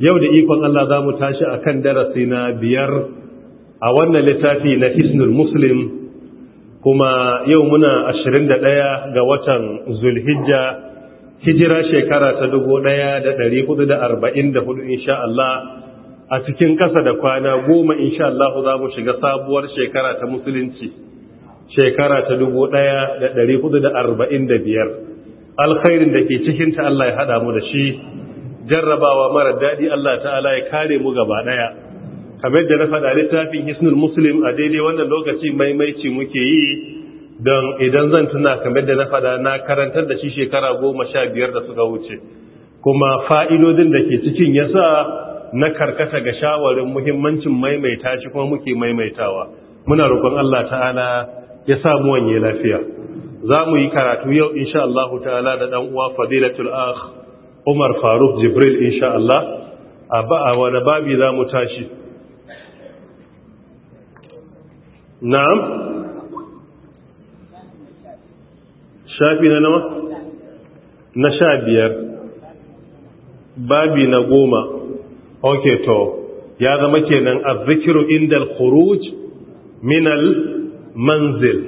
yau da ikon Allah za mu tashi a kan darasi na biyar a wannan littafi na isnul muslim kuma yau muna 21 ga watan zulhijja hijira shekara ta 1444 insha Allah a cikin kasa da kwana goma insha Allah za mu shiga sabuwar shekara ta musulunci shekara ta 1445 alkhairin da ke cikinta Allah ya haɗa mu da shi jarrabawa mara daɗi Allah ta'ala ya kare mu gaba ɗaya kamar da na faɗa littafin hisnul muslim a daidai wannan lokaci maimaici muke yi don idan zan tuna kamar da na faɗa na karantar da shi shekara goma sha biyar da suka wuce kuma fa'idodin da ke cikin ya sa na karkata ga shawarin muhimmancin maimaita shi kuma muke maimaitawa muna roƙon Allah ta'ala ya samu wanye lafiya za mu yi karatu yau insha Allah ta'ala da ɗan uwa fadilatul akh umar faruk jibril insha Allah a wani babi za mu tashi na'am shafi na nama na sha biyar babi na goma ok to ya zama kenan azzikiru indal khuruj minal manzil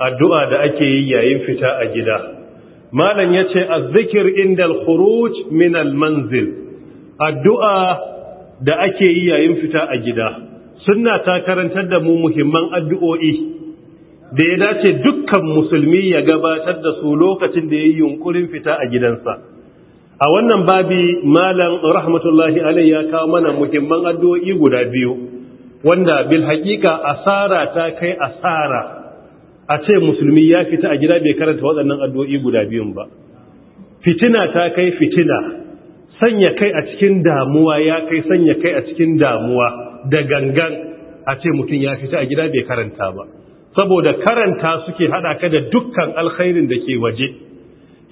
addu'a da ake yi yayin fita a gida malam ya ce azzikir indal khuruj min manzil addu'a da ake yi yayin fita a gida sunna ta karantar da mu muhimman addu'o'i da ya dace dukkan musulmi ya gabatar da su lokacin da ya yi yunkurin fita a gidansa a wannan babi malam rahmatullahi alai ya kawo mana muhimman addu'o'i guda biyu wanda bil haƙiƙa asara ta kai asara a ce musulmi ya fita a gida bai karanta waɗannan addu'o'i guda biyun ba fitina ta kai fitina sanya kai a cikin damuwa ya kai sanya kai a cikin damuwa da gangan a ce mutum ya fita a gida bai karanta ba saboda karanta suke haɗa ka da dukkan alkhairin da ke waje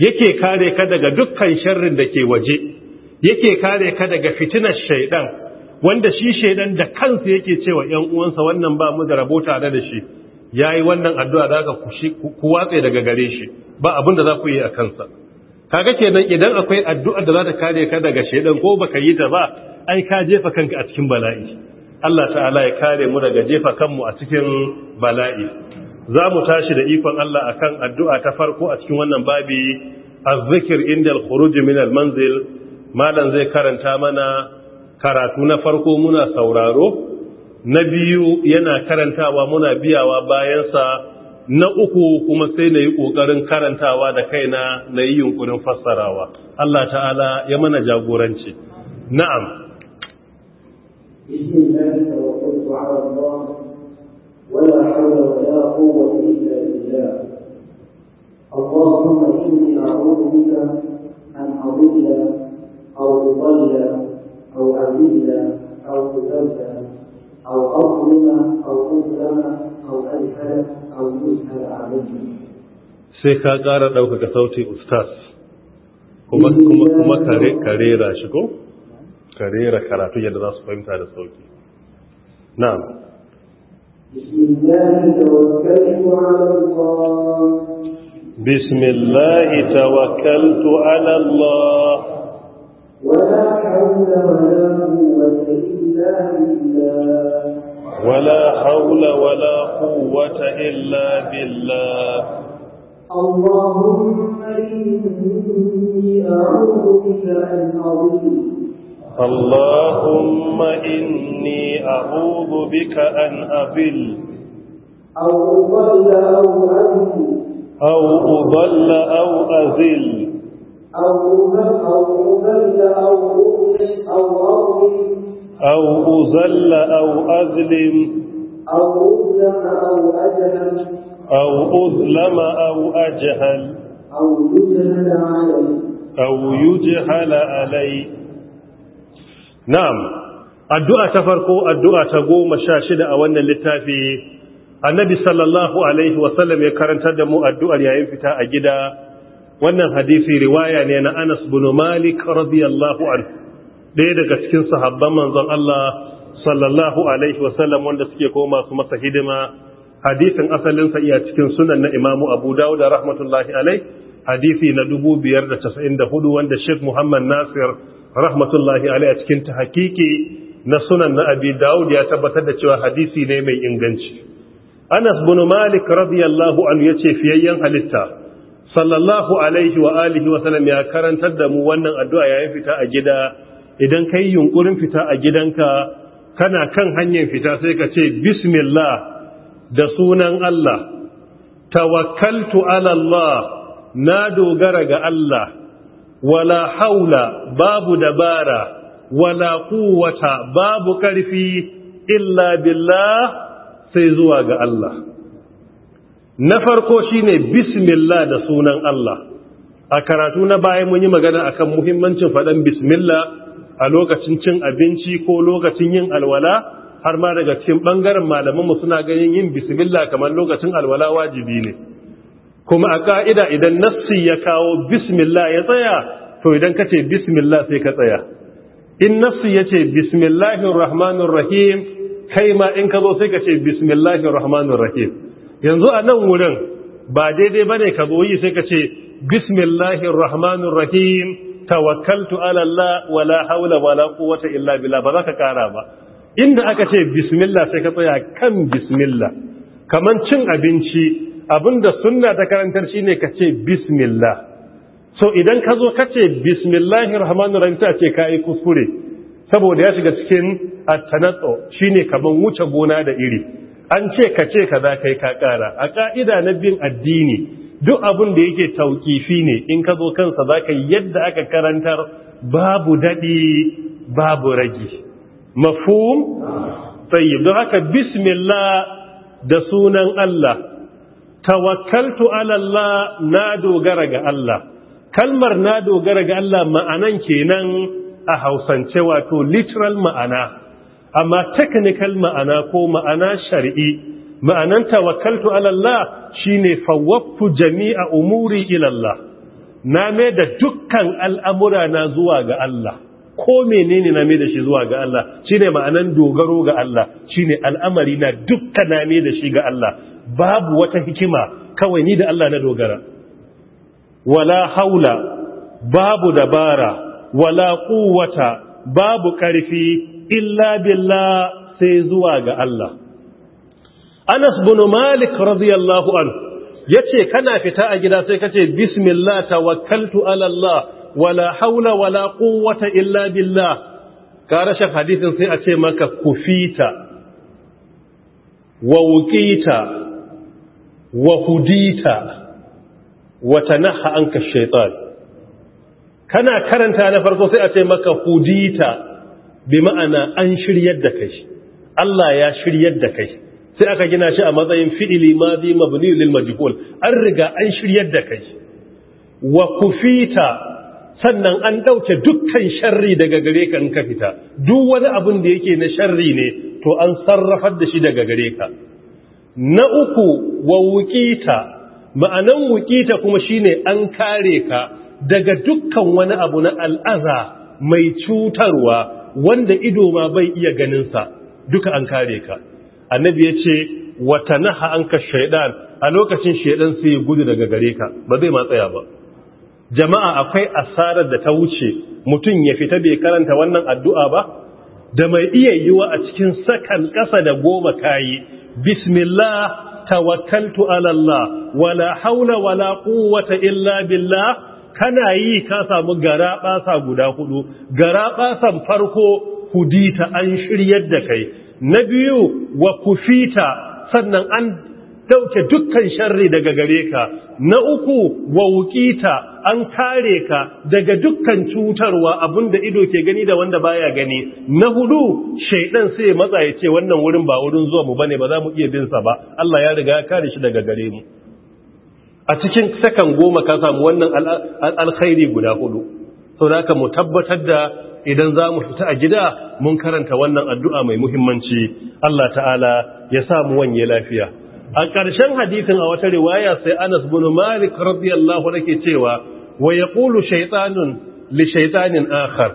yake kare ka daga dukkan sharrin da ke waje yake kare ka daga fitinar shaidan wanda shi shaidan da kansa yake cewa 'yan uwansa wannan ba mu da rabo tare da shi Ya yi wannan addu'a zaka kuwa watse daga gare shi ba abin da za ku yi a kansa kaga kenan idan akwai addu'a da za ta kare ka daga shaidan ko baka yi ta ba ai ka jefa kanka a cikin bala'i Allah ta'ala ya kare mu daga jefa kanmu a cikin bala'i za mu tashi da ikon Allah a kan addu'a ta farko a cikin wannan babi azzikir inda al min al-manzil malan zai karanta mana karatu na farko muna sauraro na biyu yana karantawa muna biyawa bayansa na uku kuma sai na yi ƙoƙarin karantawa da kaina na yi yunkurin fassarawa Allah ta'ala ya mana jagoranci na'am ولا حول أو أضل أو أذل أو تذل أو أظلم أو أظلم أو أجهل أو يجهل عليه sai ka ƙara ɗaukaka sauti ustaz kuma kuma karera shi ko karera karatu yadda za su fahimta da sauki na'am bismillah tawakkaltu ala allah ولا حول ولا قوة إلا بالله ولا حول ولا قوة إلا بالله اللهم إني أعوذ بك أن أضل اللهم إني أعوذ بك أن أضل أو أضل أو أذل أو أضل أو أذل أو أذل أو أظلم أو أظلم أو أذل أو أظلم أو أظلم أو أجهل أو أظلم أو أجهل أو يجهل علي أو يجهل علي نعم addu'a ta farko addu'a ta goma sha shida a wannan littafi annabi sallallahu alaihi wasallam ya karantar da mu addu'ar yayin fita a gida wannan hadisi riwaya ne na Anas bin Malik radiyallahu anhu ɗaya daga cikin sahabban manzon Allah sallallahu alaihi wasallam wanda suke koma su masa hidima hadisin asalin sa iya cikin sunan na Imam Abu Dawud rahmatullahi alaihi hadisi na 2594 wanda Sheikh Muhammad Nasir rahmatullahi alaihi a cikin tahqiqi na sunan na Abi Dawud ya tabbatar da cewa hadisi ne mai inganci Anas bin Malik radiyallahu anhu yace fiyayyen halitta sallallahu alaihi wa alihi wa sallam ya karantar da mu wannan addu'a yayin fita a gida idan kai yunkurin fita a gidanka kana kan hanyar fita sai ka ce bismillah da sunan Allah tawakkaltu ala Allah na dogara ga Allah wala haula babu dabara wala quwwata babu karfi illa billah sai zuwa ga Allah na farko shi ne bismillah da sunan Allah a karatu na baya mun yi magana akan muhimmancin faɗan bismillah a lokacin cin abinci ko lokacin yin alwala har ma daga cikin ɓangaren mu suna ganin yin bismillah kamar lokacin alwala wajibi ne kuma a ka'ida idan nassi ya kawo bismillah ya tsaya to idan ka ce bismillah sai ka tsaya in nassi ya ce bismillahir kai ma in ka zo sai ka ce bismillahir yanzu a nan wurin ba daidai ba ne ka goyi sai ka ce bismillahir rahmanir rahim tawakkaltu ala Allah wala haula wala quwwata illa billah ba za ka kara ba inda aka ce bismillah sai ka tsaya kan bismillah kaman cin abinci abinda sunna ta karantar shine ka ce bismillah so idan ka zo ka ce bismillahir rahmanir rahim ta ce ka yi kuskure saboda ya shiga cikin at-tanattu shine kaman wuce gona da iri an ce ka ce ka za kai ka ƙara a ƙa'ida na bin addini duk abin da yake tauƙifi ne in ka zo kansa za ka yadda aka karantar babu daɗi babu ragi mafhum tsayi don haka bismillah da sunan Allah tawakkaltu alallah na dogara ga Allah kalmar na dogara ga Allah ma'anan kenan a hausance wato literal ma'ana amma technical ma'ana ko ma'ana shari'i ma'anan tawakkaltu ala Allah shine fawwaftu jami'a umuri ila Allah na mai da dukkan al'amura na zuwa ga Allah ko menene na mai da shi zuwa ga Allah shine ma'anan dogaro ga Allah shine al'amari na dukka na mai da shi ga Allah babu wata hikima kawai ni da Allah na dogara wala haula babu dabara wala quwwata babu karfi illa billah sai zuwa ga Allah Anas bin Malik radiyallahu anhu yace kana fita a gida sai kace bismillah tawakkaltu ala Allah wala haula wala quwwata illa billah ka rashin hadisin sai a ce maka kufita wa wuqita wa hudita wa tanaha anka shaytan kana karanta na farko sai a ce maka hudita bi ma'ana an shiryar da kai Allah ya shiryar da kai sai aka gina shi a matsayin fi'ili madhi mabni lil majhul an riga an shiryar da kai wa kufita sannan an dauke dukkan sharri daga gare ka in ka fita duk wani abin da yake na sharri ne to an sarrafar da shi daga gare ka na uku wa wukita ma'anan wukita kuma shine an kare ka daga dukkan wani abu na al'aza mai cutarwa wanda ido ma bai iya ganin sa duka an kare ka annabi ya ce wata naha an ka shaidan a lokacin shaidan sai ya gudu daga gare ka ba zai matsaya ba jama'a akwai asarar da ta wuce mutum ya fita bai karanta wannan addu'a ba da mai iya yiwa a cikin sakan ƙasa da goma kayi bismillah tawakkaltu ala Allah wala haula wala quwwata illa billah kana yi ka samu gara basa guda hudu gara ɓasan farko ta an shiryar da kai na biyu wa kufita sannan an dauke dukkan sharri daga gare ka na uku wa wukita an kare ka daga dukkan cutarwa abinda ido ke gani da wanda baya gani na hudu shaidan sai matsa ya ce wannan wurin ba wurin zuwa mu bane ba za mu iya bin sa ba Allah ya riga ya kare shi daga gare mu a cikin sakan goma ka samu wannan alkhairi guda hudu sau da aka mu tabbatar da idan za mu fita a gida mun karanta wannan addu'a mai muhimmanci Allah ta'ala ya samu wanye lafiya a ƙarshen hadisin a wata riwaya sai anas bin malik radiyallahu nake cewa wa ya ƙulu shaitanun li shaitanin akhar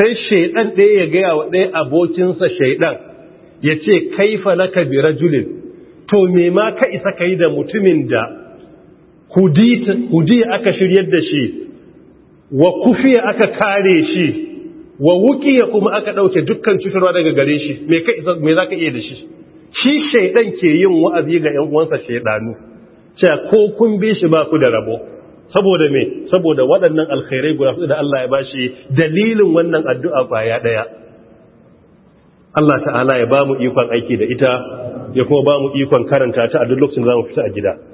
sai shaidan ɗaya ya gaya wa ɗaya abokinsa shaidan ya ce kaifa laka bi rajulin to me ma ka isa kai da mutumin da hudi aka shiryar da shi wa kufi aka kare shi wa ya kuma aka ɗauke dukkan cutarwa daga gare shi me za ka iya da shi shi shaidan ke yin wa'azi ga ‘yan uwansa shaidanu cewa ko kun bi shi ba ku da rabo saboda me saboda waɗannan alkhairai guda da Allah ya bashi dalilin wannan addu'a baya ɗaya Allah ta'ala ya ba mu ikon aiki da ita ya kuma ba mu ikon karanta ta a duk lokacin za mu fita a gida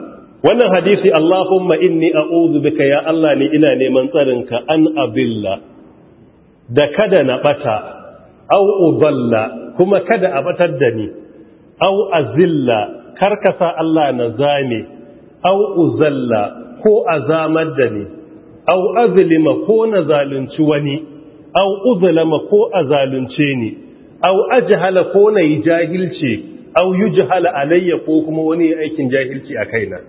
wannan hadisi Allahumma inni a'udhu bika ya Allah ni ina neman tsarinka an abilla da kada na bata au udalla kuma kada a batar da ni au azilla karkasa Allah na zame au uzalla ko azamar da ni au azlima ko na zalunci wani au uzlama ko azalunce ni au ajhala ko na yi jahilci au yujhala alayya ko kuma wani aikin jahilci a kaina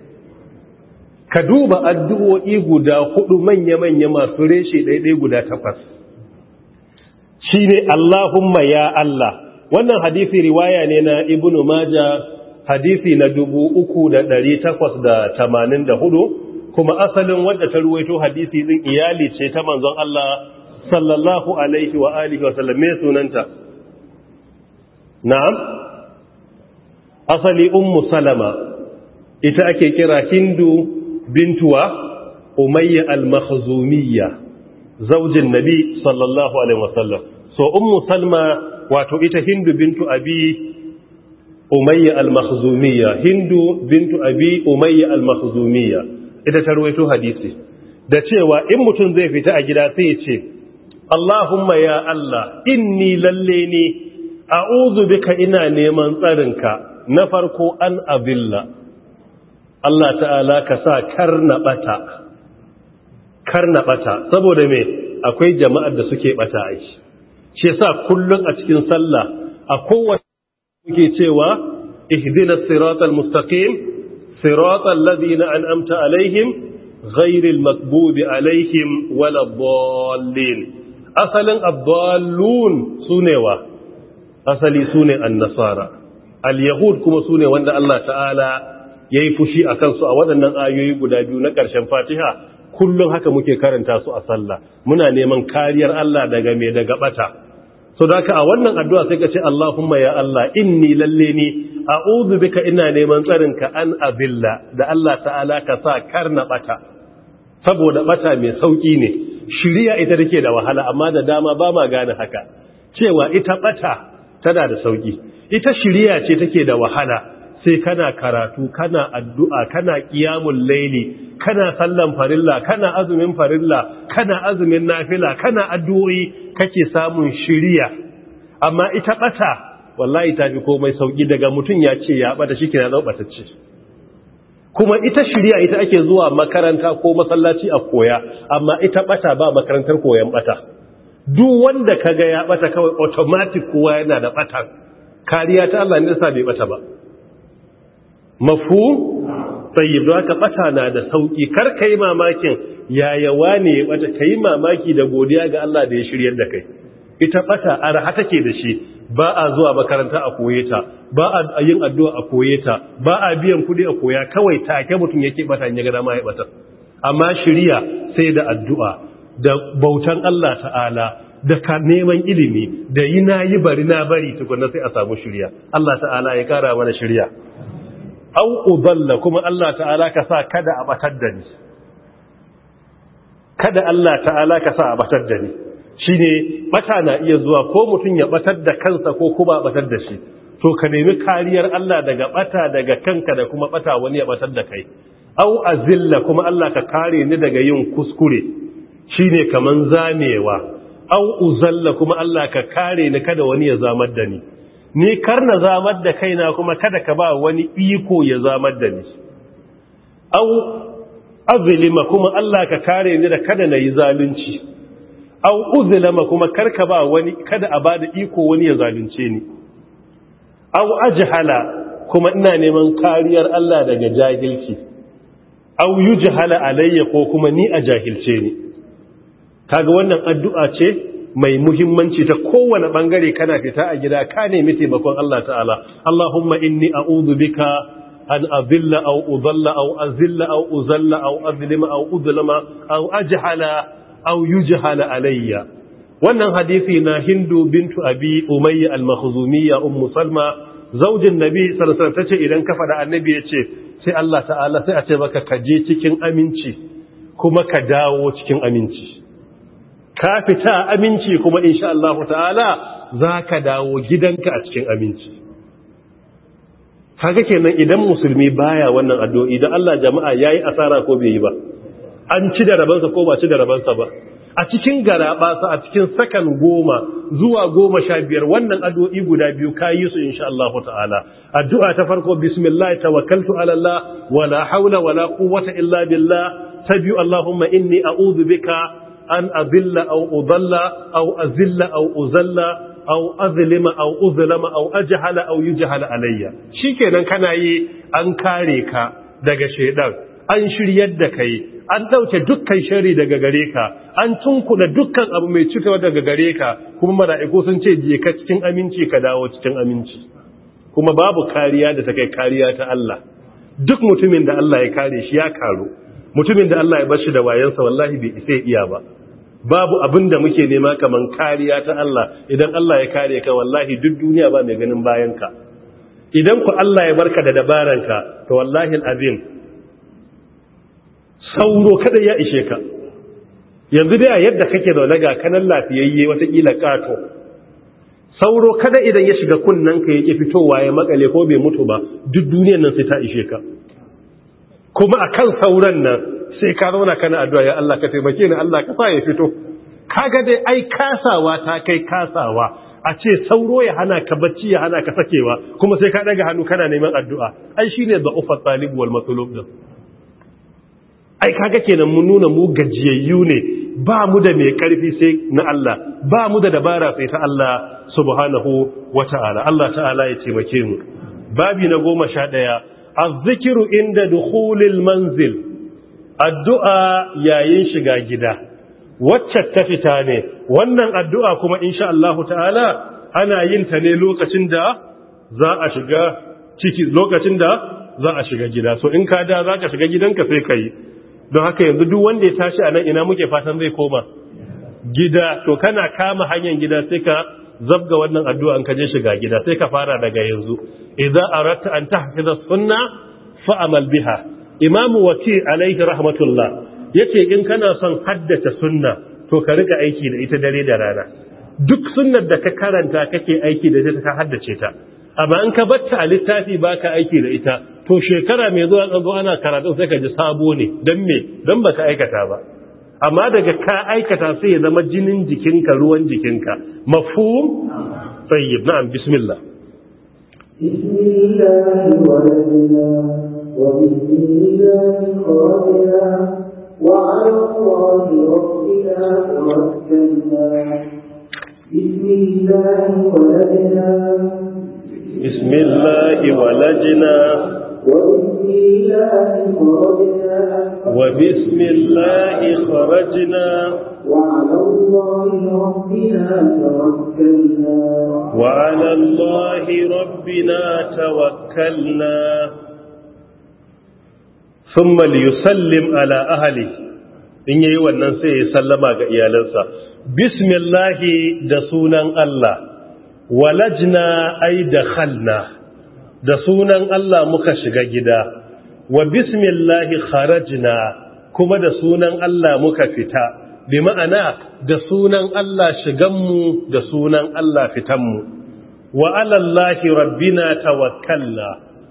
ka duba addu'o'i guda hudu manya-manya masu reshe ɗaiɗai guda takwas shi ne Allahumma ya Allah wannan hadisi riwaya ne na Ibn maja hadisi na dubu uku da ɗari takwas da tamanin da hudu kuma asalin wadda ta ruwaito hadisi ɗin iyali ce ta manzon Allah sallallahu alaihi wa alihi wa sallam sunanta na'am asali ummu salama ita ake kira hindu bintuwa umayya al-makhzumiyya zaujin nabi sallallahu alaihi wasallam so ummu salma wato ita hindu bintu abi umayya al-makhzumiyya hindu bintu abi umayya al-makhzumiyya ita ta ruwaito hadisi da cewa in mutum zai fita a gida sai ya ce Allahumma ya Allah inni lalle ni a'udhu bika ina neman tsarinka na farko an abilla Allah ta'ala ka sa karna ɓata karna ɓata saboda me akwai jama'ar da suke ɓata ai shi sa kullum a cikin sallah a kowace suke cewa ihdina siratal mustaqim siratal ladina an'amta alaihim ghairil Makbubi alaihim waladdallin asalin abdallun sunewa asali sune an-nasara al-yahud kuma sune wanda Allah ta'ala ya yi fushi a kansu a waɗannan ayoyi guda biyu na ƙarshen fatiha kullum haka muke karanta su a sallah muna neman kariyar Allah daga mai daga ɓata so da haka a wannan addu'a sai ka ce Allahumma ya Allah inni lalle ni a a'udhu bika ina neman tsarinka an abilla da Allah ta'ala ka sa kar na ɓata saboda ɓata mai sauƙi ne shirya ita take da wahala amma da dama ba ma gane haka cewa ita ɓata tana da sauƙi ita shirya ce take da wahala sai kana karatu kana addu'a kana ƙiyamun laili kana sallan farilla kana azumin farilla kana azumin nafila kana addu'o'i kake samun shiriya amma ita ɓata wallahi ta fi komai sauƙi daga mutum ya ce ya ɓata shi kina ce, kuma ita shiriya ita ake zuwa makaranta ko masallaci a koya amma ita ɓata ba makarantar koyon ɓata duk wanda ka ga ya ɓata kawai automatic kowa yana da ɓata, kariya ta Allah ne sa bai ɓata ba mafu tsayyib da bata na da sauki kar ka yi mamakin yayawa ne ya ka yi mamaki da godiya ga Allah da ya shiryar da kai ita bata arha take da shi ba a zuwa makaranta a koye ta ba a yin addu'a a koye ta ba a biyan kuɗi a koya kawai ta take mutum yake bata in ya ga dama ya bata amma shiriya sai da addu'a da bautan Allah ta'ala da ka neman ilimi da yi na yi bari na bari tukuna sai a samu shirya Allah ta'ala ya kara mana shirya Au udalla kuma Allah ta'ala ka sa kada a batar da ni kada Allah ta'ala ka sa a batar da ni shine bata na iya zuwa ko mutum ya batar da kansa ko kuma batar da shi to ka nemi kariyar Allah daga bata daga kanka da kuma bata wani ya batar da kai au azilla kuma Allah ka kare ni daga yin kuskure shine kaman zamewa au uzalla kuma Allah ka kare ni kada wani ya zamar da ni ni kar na zamar da kaina kuma kada ka ba wani iko ya zamar da ni au azlima kuma Allah ka kare ni da kada na yi zalunci au uzlama kuma kar ka ba wani kada a bada iko wani ya zalunce ni au ajhala kuma ina neman kariyar Allah daga jahilci au yujhala alayya ko kuma ni a jahilce ni kaga wannan addu'a ce mai muhimmanci ta kowane bangare kana fita a gida ka nemi taimakon Allah ta'ala Allahumma inni a'udhu bika an azilla aw udalla aw azilla aw uzalla aw azlima aw udlama aw ajhala aw yujhala alayya wannan hadisi na Hindu bintu Abi Umayya al-Makhzumiyya ummu Salma zaujin Nabi sallallahu alaihi wasallam tace idan ka fada annabi yace sai Allah ta'ala sai a ce maka ka je cikin aminci kuma ka dawo cikin aminci ka fita aminci kuma insha Allah ta'ala za ka dawo gidanka a cikin aminci haka kenan idan musulmi baya wannan addu'o'i idan Allah jama'a yayi asara ko bai yi ba an ci da rabansa ko ba ci da rabansa ba a cikin garaɓasa a cikin sakan goma zuwa goma sha biyar wannan addu'o'i guda biyu ka yi su insha Allah ta'ala addu'a ta farko bismillah tawakkaltu ala Allah wala haula wala quwwata illa billah ta biyu Allahumma inni a'udhu bika an azilla aw udalla aw azilla aw uzalla au azlima au uzlama au ajhala au yujhala alayya shikenan kana yi an kare ka daga shedan an shiryar da kai an dauke dukkan shari daga gare ka an tunkuna dukkan abu mai cikawa daga gare ka kuma mala'iku sun ce je ka cikin aminci ka dawo cikin aminci kuma babu kariya da ta kai kariya ta Allah duk mutumin da Allah ya kare shi ya karu mutumin da Allah ya bar shi da wayansa wallahi bai isa iya ba babu abin da muke nema kaman kariya ta Allah idan Allah ya kare ka wallahi duk duniya ba mai ganin bayanka idan ku Allah ya barka da dabaranka to wallahi alazim sauro kada ya ishe ka yanzu dai yadda kake zaune ga kanan lafiyayye watakila kato sauro kada idan ya shiga kunnanka ya ƙi fitowa ya makale ko bai mutu ba duk duniyar nan sai ta ishe ka kuma a kan sauran nan sai ka zauna kana addu'a ya Allah ka taimake ni Allah ka sa ya fito kaga dai ai kasawa ta kai kasawa a ce sauro ya hana ka bacci ya hana ka sakewa kuma sai ka ɗaga hannu kana neman addu'a ai shine da ufa talib wal matlub ai kaga kenan mun nuna mu gajiyayyu ne ba mu da mai karfi sai na Allah ba mu da dabara sai ta Allah subhanahu wata'ala Allah ta'ala ya taimake mu babi na ɗaya. azzikiru inda dukhulil manzil addu'a yayin shiga gida wacce ta fita ne wannan addu'a kuma insha Allah ta'ala ana yin ta ne lokacin da za a shiga ciki lokacin da za a shiga gida so in ka da za ka shiga gidanka sai ka yi don haka yanzu duk wanda ya tashi a ina muke fatan zai koma gida to kana kama hanyar gida sai ka zabga wannan addu'a an kaje shiga gida sai ka fara daga yanzu idza aratta an tahfiza sunna fa'amal biha imamu waki alaihi rahmatullah yace in kana son haddace sunna to ka rika aiki da ita dare da rana duk sunnar da ka karanta kake aiki da ita ka haddace ta amma in ka batta a littafi baka aiki da ita to shekara mai zuwa an ana karatu sai ka ji sabo ne don me dan baka aikata ba amma daga ka aikata sai ya zama jinin jikinka ruwan jikinka mafhum tayyib na'am bismillah bismillah wa bismillah wa وبسم الله خرجنا وعلى الله ربنا توكلنا ثم ليسلم على أهله in yayi wannan sai ya sallama ga iyalansa bismillahi da sunan Allah walajna ay na. da sunan Allah muka shiga gida wa bismillahi kharajna kuma da sunan Allah muka fita bi ma'ana da sunan Allah shiganmu da sunan Allah fitanmu wa alallahi rabbina tawakkalna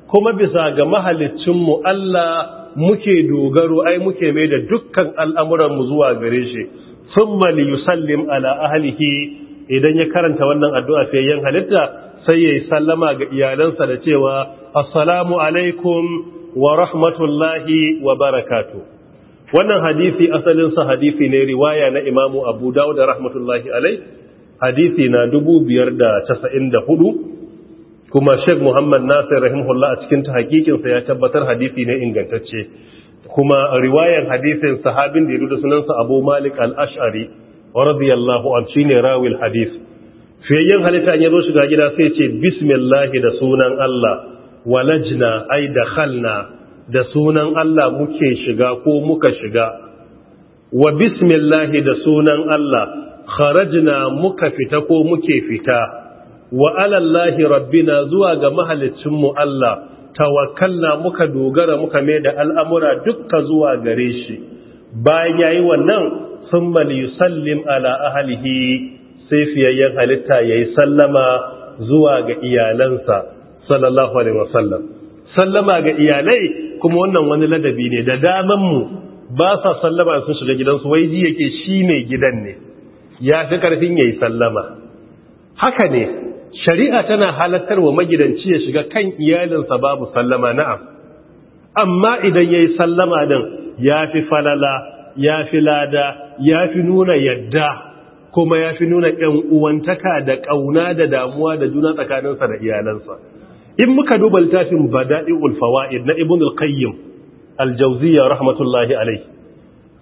kuma bisa ga mahaliccinmu Allah muke dogaro ai muke mai da dukkan al'amuranmu zuwa gare shi thumma yusallim ala ahlihi idan ya karanta wannan addu'a fiye yan halitta sai ya yi sallama ga iyalansa da cewa assalamu alaikum wa rahmatullahi wa barakatu wannan hadisi asalinsa hadisi ne riwaya na imamu abu dawud rahmatullahi alai hadisi na 594 kuma sheikh muhammad nasir rahimahullah a cikin ta hakikinsa ya tabbatar hadisi ne ingantacce kuma riwayar hadisin sahabin da ya da sunansa abu malik al-ash'ari radiyallahu an shine rawil hadisi fiyayyen halitta an zo shiga gida sai ce bismillahi da sunan Allah walajna ai da khalna, da sunan Allah muke shiga ko muka shiga wa bismillahi da sunan Allah kharajna muka fita ko muke fita wa alallahi rabbina zuwa ga mahaliccin mu Allah tawakkalna muka dogara muka mai da al'amura dukka zuwa gare shi bayan yayi wannan sun bal yusallim ala ahlihi sai fiyayyen halitta ya yi sallama zuwa ga iyalansa sallallahu alaihi wasallam sallama ga iyalai kuma wannan wani ladabi ne da damanmu ba sa sallama sun shiga gidansu wai ji yake shi ne gidan ne ya fi ƙarfin ya yi sallama haka ne shari'a tana halattar wa magidanci ya shiga kan iyalinsa babu sallama na'am amma idan ya yi sallama din ya fi falala ya fi lada ya fi nuna yadda kuma ya fi nuna ‘yan uwantaka da ƙauna da damuwa da juna tsakaninsa da iyalansa. In muka duba littafin Bada'i Ulfawa'id na Ibn al-Qayyim al-Jauziyya rahmatullahi alaihi.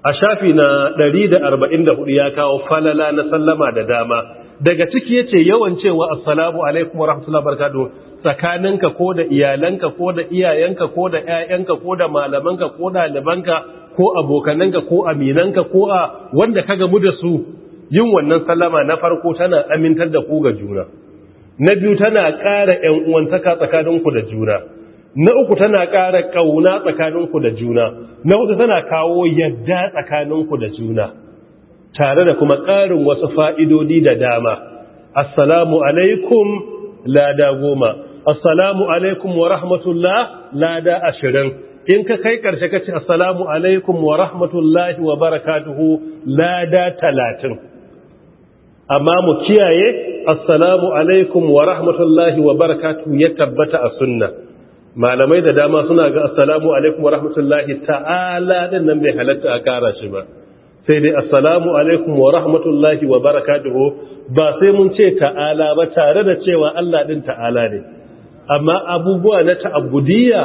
A shafi na 144 ya kawo falala na sallama da dama. Daga ciki ya ce yawan cewa assalamu alaikum wa rahmatullahi barakatuh tsakaninka ko da iyalanka ko da iyayenka ko da 'ya'yanka ko da malamanka ko ɗalibanka ko abokananka ko aminanka ko a wanda ka gamu da su yin wannan sallama na farko tana amintar da ku ga juna na biyu tana ƙara ‘yan uwantaka tsakaninku da juna na uku tana ƙara ƙauna tsakaninku da juna na hudu tana kawo yadda tsakaninku da juna tare da kuma ƙarin wasu fa'idodi da dama assalamu alaikum lada goma assalamu alaikum wa rahmatullah lada ashirin in ka kai ƙarshe ka ce assalamu alaikum wa rahmatullahi wa barakatuhu lada talatin amma mu kiyaye assalamu alaikum wa rahmatullahi wa barakatu ya tabbata a sunna malamai da dama suna ga assalamu alaikum wa rahmatullahi ta'ala din nan bai halatta a kara shi ba sai dai assalamu alaikum wa rahmatullahi wa barakatuhu ba sai mun ce ta'ala ba tare da cewa Allah din ta'ala ne amma abubuwa na ta'abbudiyya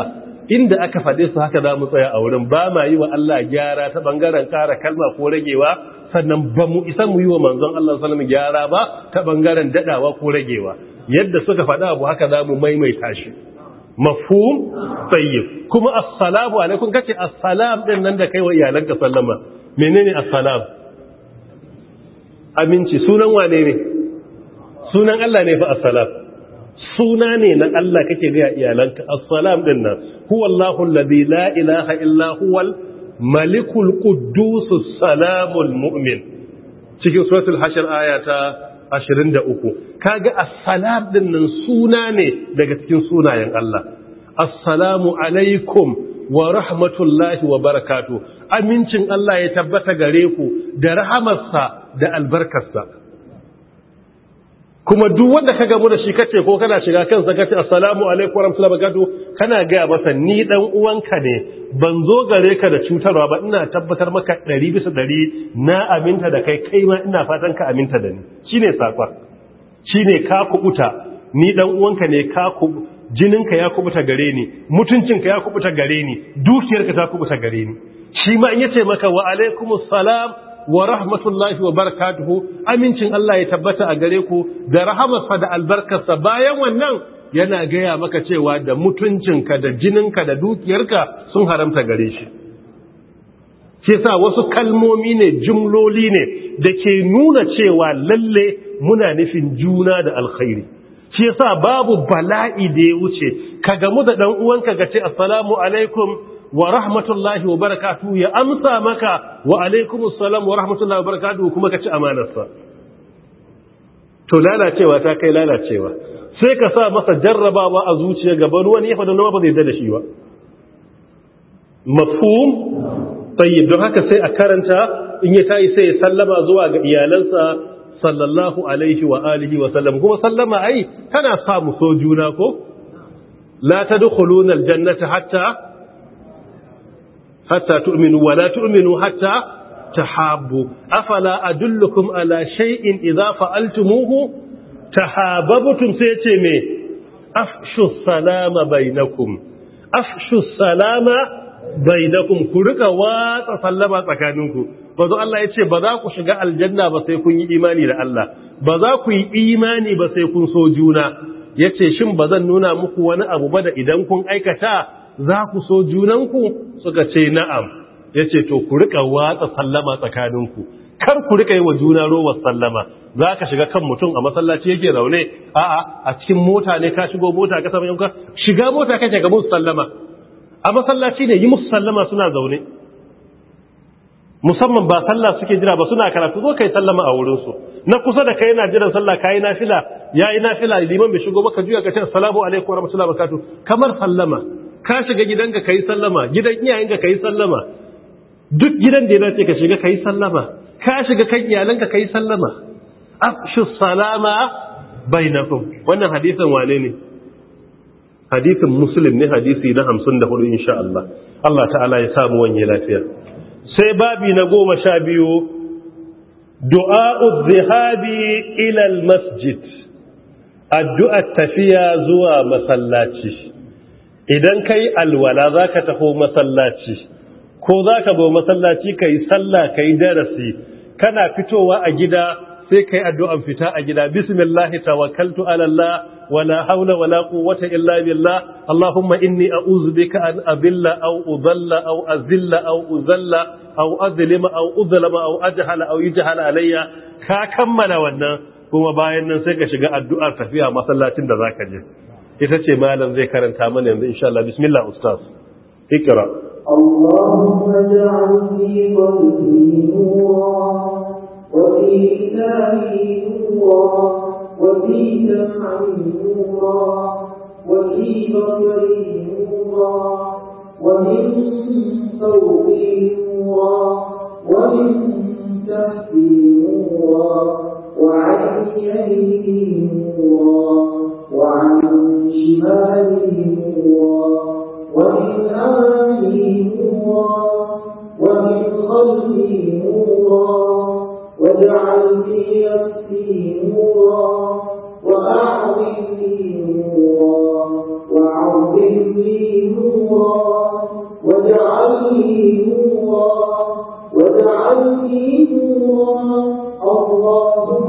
inda aka faɗe su haka za mu tsaya a wurin ba ma yi wa Allah gyara ta ɓangaren ƙara kalma ko ragewa sannan ba mu isa mu yi wa manzon Allah salamu gyara ba ta ɓangaren daɗawa ko ragewa yadda suka faɗa abu haka za mu maimaita shi mafhum tayyib kuma assalamu alaikum kace assalam din nan da kai wa iyalanka sallama menene assalam aminci sunan wane ne sunan Allah ne fa assalam suna ne na Allah kake ga iyalanka assalam din nan huwallahu alladhi la ilaha illa huwal malikul quddus salamul mu'min cikin suratul hashr ayata 23 kaga assalam din nan suna ne daga cikin sunayen Allah assalamu alaikum wa rahmatullahi wa barakatuh amincin Allah ya tabbata gare ku da rahamarsa da albarkarsa kuma duk wanda ka gamu da shi kace ko kana shiga kan zakati assalamu alaikum warahmatullahi wabarakatuh kana ga masa ni dan uwanka ne ban zo gare ka da cutarwa ba ina tabbatar maka 100 bisa na aminta da kai kai ma ina fatan ka aminta da ni shine sakwa shine ka kubuta ni dan uwanka ne ka kubuta jininka ya kubuta gare ni mutuncinka ya kubuta gare ni dukiyarka ta kubuta gare ni shi ma in yace maka wa alaikumus salam wa rahmatullahi wa barakatuhu amincin Allah ya tabbata a gare ku da rahamarsa da albarkarsa bayan wannan yana gaya maka cewa da mutuncinka da jininka da dukiyarka sun haramta gare shi ke sa wasu kalmomi ne jumloli ne da ke nuna cewa lalle muna nufin juna da alkhairi Ke sa babu bala'i da ya wuce ka gamu da ɗan uwanka ga ce assalamu alaikum wa rahmatullahi wa barakatuhu ya amsa maka wa alaikumus salam wa rahmatullahi wa barakatuhu kuma ka ci amanarsa to lalacewa ta kai lalacewa sai ka sa masa jarrabawa a zuciya gaban wani ya faɗin ba zai da shi ba mafhum tayyib don haka sai a karanta in ya tayi sai ya sallama zuwa ga iyalansa sallallahu alaihi wa alihi wa sallam kuma sallama ai kana samu so juna ko la tadkhuluna aljannata hatta hatta tu'minu wa la tu'minu hatta tahabbu afala adullukum ala shay'in idza fa'altumuhu tahabbtum sai ce me afshu salama bainakum afshu salama bainakum ku rika watsa sallama tsakaninku bazo Allah yace ba za ku shiga aljanna ba sai kun yi imani da Allah ba za ku yi imani ba sai kun so juna yace shin bazan nuna muku wani abu ba da idan kun aikata za ku so junanku suka ce na'am ya ce to ku riƙa watsa sallama tsakaninku kar ku riƙa yi wa juna rowar sallama za ka shiga kan mutum a masallaci yake raune. a'a a cikin mota ne ka shigo mota ka sami yankan shiga mota kake ga musu sallama a masallaci ne yi musu sallama suna zaune musamman ba sallah suke jira ba suna karatu zo kai sallama a wurin su. na kusa da kai na jiran sallah kai fila. yayi na fila liman bai shigo ba ka juya ka ce assalamu alaikum wa barakatuh kamar sallama ka shiga gidanka ka yi sallama gidan iyayenka ka yi sallama duk gidan da ya dace ka shiga ka yi sallama ka shiga kan iyalanka ka yi sallama afshu salama bainakum wannan hadisin wane ne hadisin muslim ne hadisi na 54 insha Allah Allah ta'ala ya samu wanye lafiya sai babi na goma sha biyu du'a'u zihabi ila masjid addu'ar tafiya zuwa masallaci idan ka alwala za ka taho masallaci ko za ka zo masallaci ka yi sallah ka yi darasi kana fitowa a gida sai ka yi addu'an fita a gida bismillahi tawakkaltu alallah wala haula wala quwwata illa billah allahumma inni a'udhu ka an abilla aw udalla aw azilla aw uzalla aw azlima aw udlama aw ajhala aw yujhala alayya ka kammala wannan kuma bayan nan sai ka shiga addu'ar tafiya masallacin da za ka je ita ce malam zai karanta mana yanzu insha Allah bismillah ustaz ikra Allahumma ja'alni qalbi nuran wa fi lisani nuran wa fi sam'i nuran wa fi basari nuran wa min sawti nuran wa min tahti nuran وعن نورا وعن شماله نورا ومن أمامه نورا ومن خلفه نورا واجعل في نورا وأعظم لي نورا وعظم لي نورا واجعل نورا واجعل نورا اللهم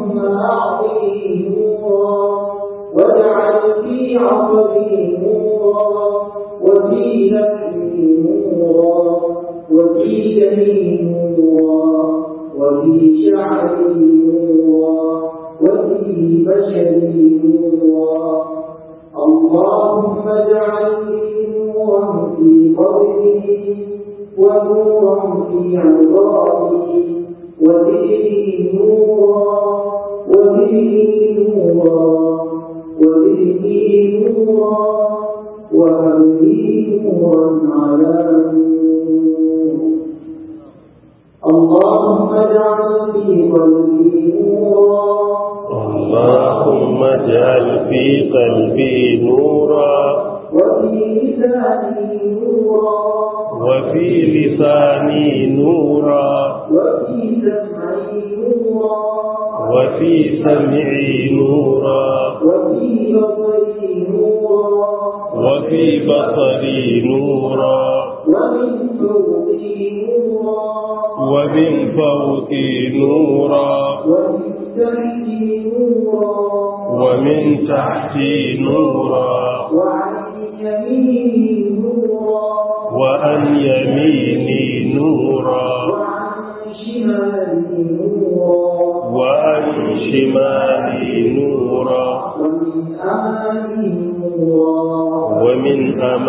သမ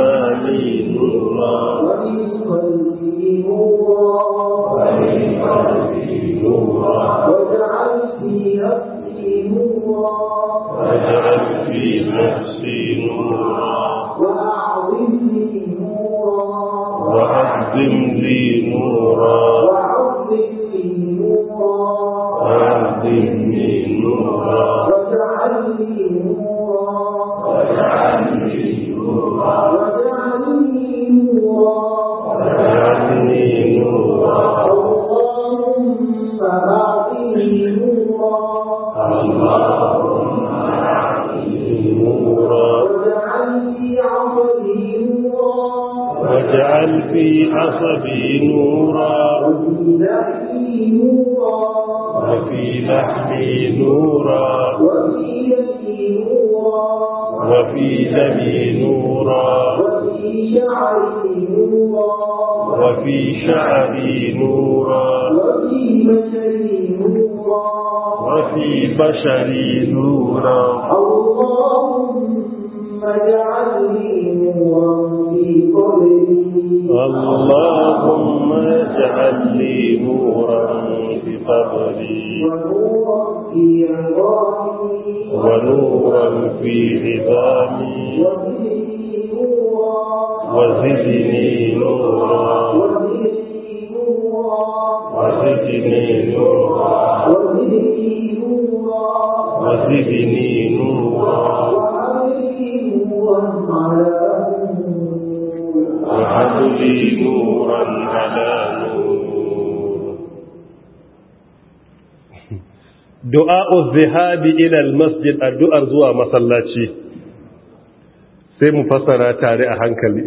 اجعل في عصبي نورا وفي لحمي نورا وفي دمي نورا وفي شعري نورا وفي بشري نورا اللهم اجعلني اللهم اجعل لي نورا في قبري ونورا في عظامي وزدني نورا وزدني نورا وزدني نورا Du'a نورا ila almasjid دعاء zuwa masallaci sai mu fassara tare a hankali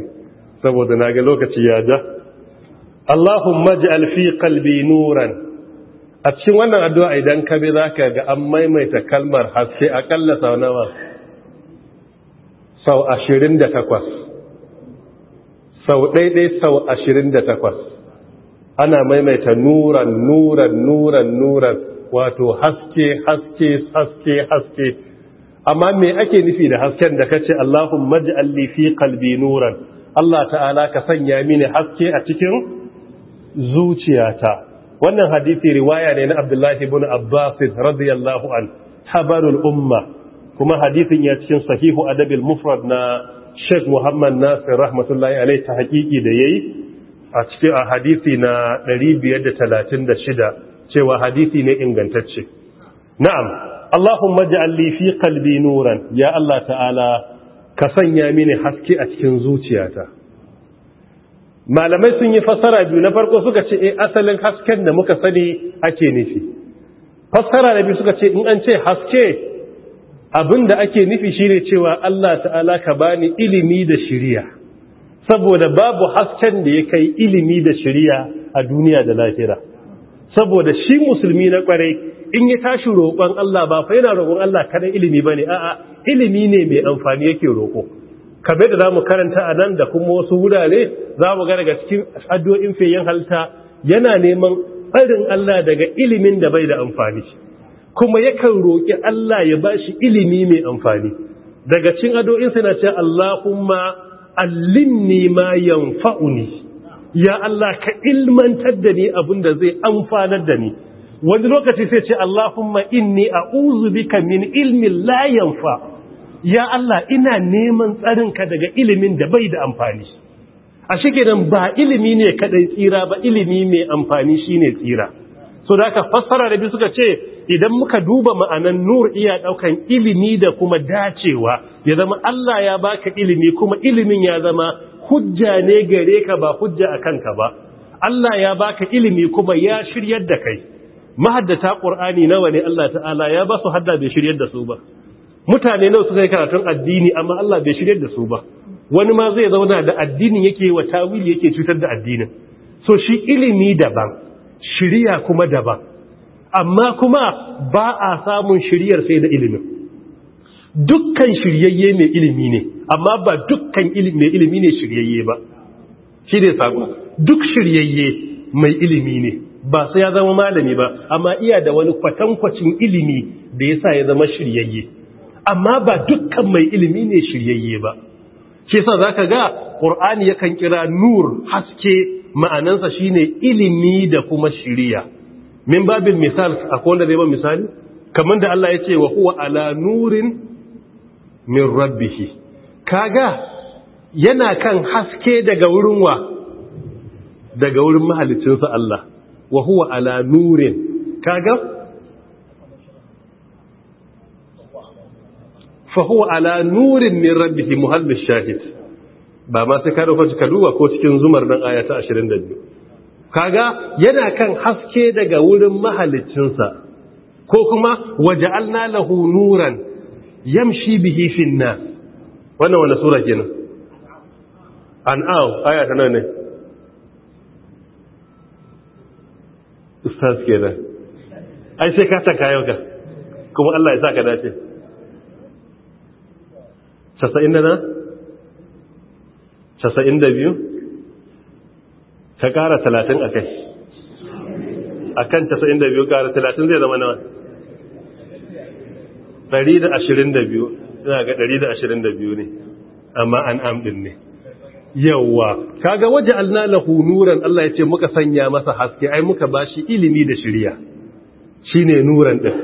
saboda na ga lokaci ya ja Allahumma ij'al fi qalbi nuran a cikin wannan addu'a idan ka bi zaka ga an maimaita kalmar haske akalla sau nawa sau 28 sau ɗaiɗai sau ashirin da takwas ana maimaita nuran nuran nuran nuran wato haske haske haske haske amma me ake nufi da hasken da kace Allahumma ij'al li fi qalbi nuran Allah ta'ala ka sanya mini haske a cikin zuciyata wannan hadisi riwaya ne na Abdullahi ibn Abbas radiyallahu an habarul umma kuma hadisin ya cikin sahihu adabil mufrad na Sheikh Muhammad Nasir rahmatullahi alaihi ta hakiki da yayi a cikin hadisi na 536 cewa hadisi ne ingantacce na'am Allahumma ij'al li fi qalbi nuran ya Allah ta'ala ka sanya mini haske a cikin zuciyata malamai sun yi fassara biyu na farko suka ce eh asalin hasken da muka sani ake nufi fassara da biyu suka ce in an ce haske abin da ake nufi shine cewa Allah ta'ala ka bani ilimi da shiriya saboda babu hasken da ya kai ilimi da shiriya a duniya da lafira saboda shi musulmi na kwarai in ya tashi roƙon Allah ba fa yana roƙon Allah kaɗan ilimi ba bane a'a ilimi ne mai amfani yake roƙo kabe da zamu karanta a nan da kuma wasu wurare za zamu ga daga cikin addu'o'in yin halta yana neman tsarin Allah daga ilimin da bai da amfani kuma yakan roƙi Allah ya bashi ilimi mai amfani daga cin ado'insa na ce Allahumma allimni ma yanfa'uni ya Allah ka ilmantar da ni abinda zai amfanar da ni wani lokaci sai ce Allahumma inni a'udhu bika min ilmin la yanfa ya Allah ina neman tsarinka daga ilimin da bai da amfani a nan ba ilimi ne kadai tsira ba ilimi mai amfani shine tsira so da aka fassara da bi suka ce idan muka duba ma'anan nur iya daukan ilimi da kuma dacewa ya zama Allah ya baka ilimi kuma ilimin ya zama hujja ne gare ka ba hujja akan ka ba Allah ya baka ilimi kuma ya shiryar da kai mahaddata qur'ani nawa ne Allah ta'ala ya ba su hadda bai shiryar da su ba mutane nawa suka yi karatun addini amma Allah bai shiryar da su ba wani ma zai zauna da addinin yake wa tawili yake cutar da addinin so shi ilimi daban shiriya kuma daban amma kuma ba a samun shiryar sai da ilimin dukkan shiryayye ne ilimi ne amma ba dukkan ne ilimi ne shiryayye ba shi ne sako duk shiryayye mai ilimi ne ba sai ya zama malami ba amma iya da wani kwatankwacin ilimi da ya sa ya zama shiryayye amma ba dukkan mai ilimi ne shiryayye ba ke sa za ka ga ƙur'ani yakan kira nur haske ma'anansa shine ilimi da kuma shiriya min babin misal akwai wanda zai ban misali kamar da Allah ya ce wa huwa ala nurin min rabbihi kaga yana kan haske daga wurin wa daga wurin mahalicinsa Allah wa huwa ala nurin kaga fa huwa ala nurin min rabbihi muhallin shahid ba ma sai ka dauka ka duba ko cikin zumar dan ayata 22 kaga yana kan haske daga wurin mahalicinsa ko kuma waja'alna lahu nuran yamshi bihi finna wannan wannan sura kenan an'am aya ta nan ne ustaz kenan ai sai ka taka yau ka kuma Allah ya saka dace inda na biyu. ka ƙara talatin a kai a kan tasa'in da biyu ƙara talatin zai zama nawa ɗari da ashirin da biyu ina ga ɗari da ashirin da biyu ne amma an amɗin ne yawwa kaga waje alnala hunuran Allah ya ce muka sanya masa haske ai muka ba shi ilimi da shirya shi ne nuran ɗin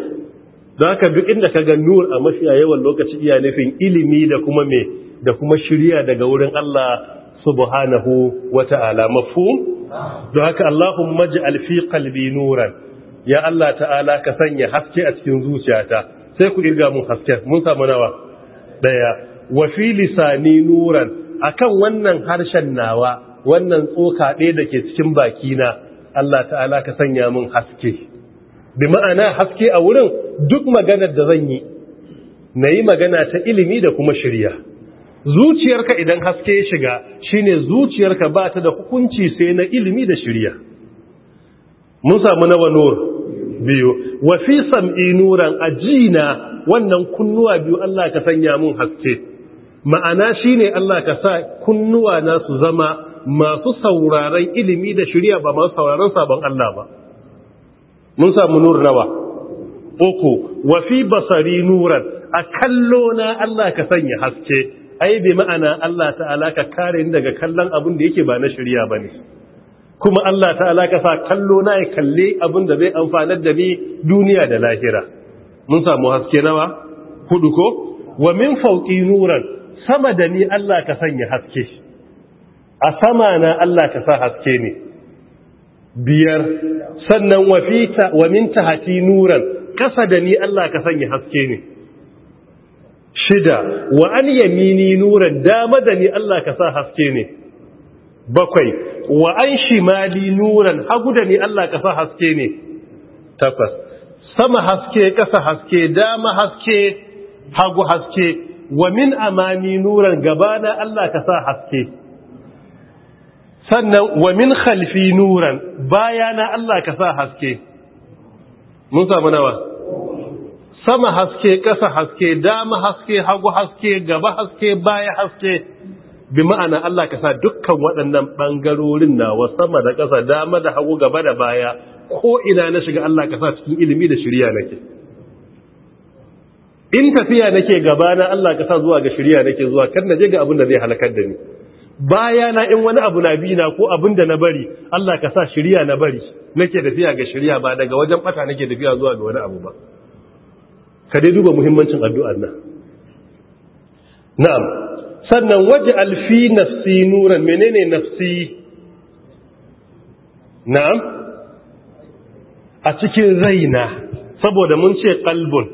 za ka duk inda ka ga nur a mafiya yawan lokaci iya nufin ilimi da kuma me da kuma shirya daga wurin Allah subhanahu wa ta'ala mafhum don haka Allahumma ij'al fi qalbi nuran ya Allah ta'ala ka sanya haske a cikin zuciyata sai ku irga mun haske mun samu nawa daya wa fi lisani nuran akan wannan harshen nawa wannan tsoka ɗaya ke cikin bakina Allah ta'ala ka sanya mun haske bi ma'ana haske a wurin duk maganar da zan yi nayi magana ta ilimi da kuma shirya zuciyarka idan haske ya shiga shine zuciyarka ba ta da hukunci sai na ilimi da shirya mun samu nawa nur biyu wa sam'i nuran ajina wannan kunnuwa biyu Allah ka sanya mun haske ma'ana shine Allah ka sa kunnuwa na su zama masu sauraron ilimi da shirya ba masu sauraron sabon Allah ba mun samu nur nawa uku wafi basari nuran a kallo na Allah ka sanya haske ai bi ma'ana Allah ta'ala ka kare ni daga kallon abin da yake ba na shirya ba ne kuma Allah ta'ala ka sa kallo na ya kalle abin da bai amfanar da ni duniya da lahira mun samu haske nawa hudu ko wa min fawqi nuran sama da ni Allah ka sanya haske a sama na Allah ka sa haske ne biyar sannan wa fita wa min tahati nuran kasa da ni Allah ka sanya haske ne shida wa an yamini nuran dama da ni Allah ka sa haske ne bakwai wa an shimali nuran hagu da ni Allah ka sa haske ne takwas sama haske ƙasa haske dama haske hagu haske wa min amami nuran gabana Allah ka sa haske sannan wa min khalfi nuran bayana Allah ka sa haske mun samu nawa sama haske ƙasa haske dama haske hagu haske gaba haske baya haske bi ma'ana Allah ka sa dukkan waɗannan ɓangarorin nawa sama da ƙasa dama da hagu gaba da baya ko ina na shiga Allah ka sa cikin ilimi da shirya nake in tafiya nake gaba na Allah ka sa zuwa ga shirya nake zuwa kan na je ga abin da zai halakar da ni baya na in wani abu na bina ko abin da na bari Allah ka sa shirya na bari nake tafiya ga shirya ba daga wajen bata nake tafiya zuwa ga wani abu ba ka dai duba muhimmancin addu'ar nan na'am sannan waje alfi nafsi nuran menene nafsi na'am a cikin raina saboda mun ce kalbun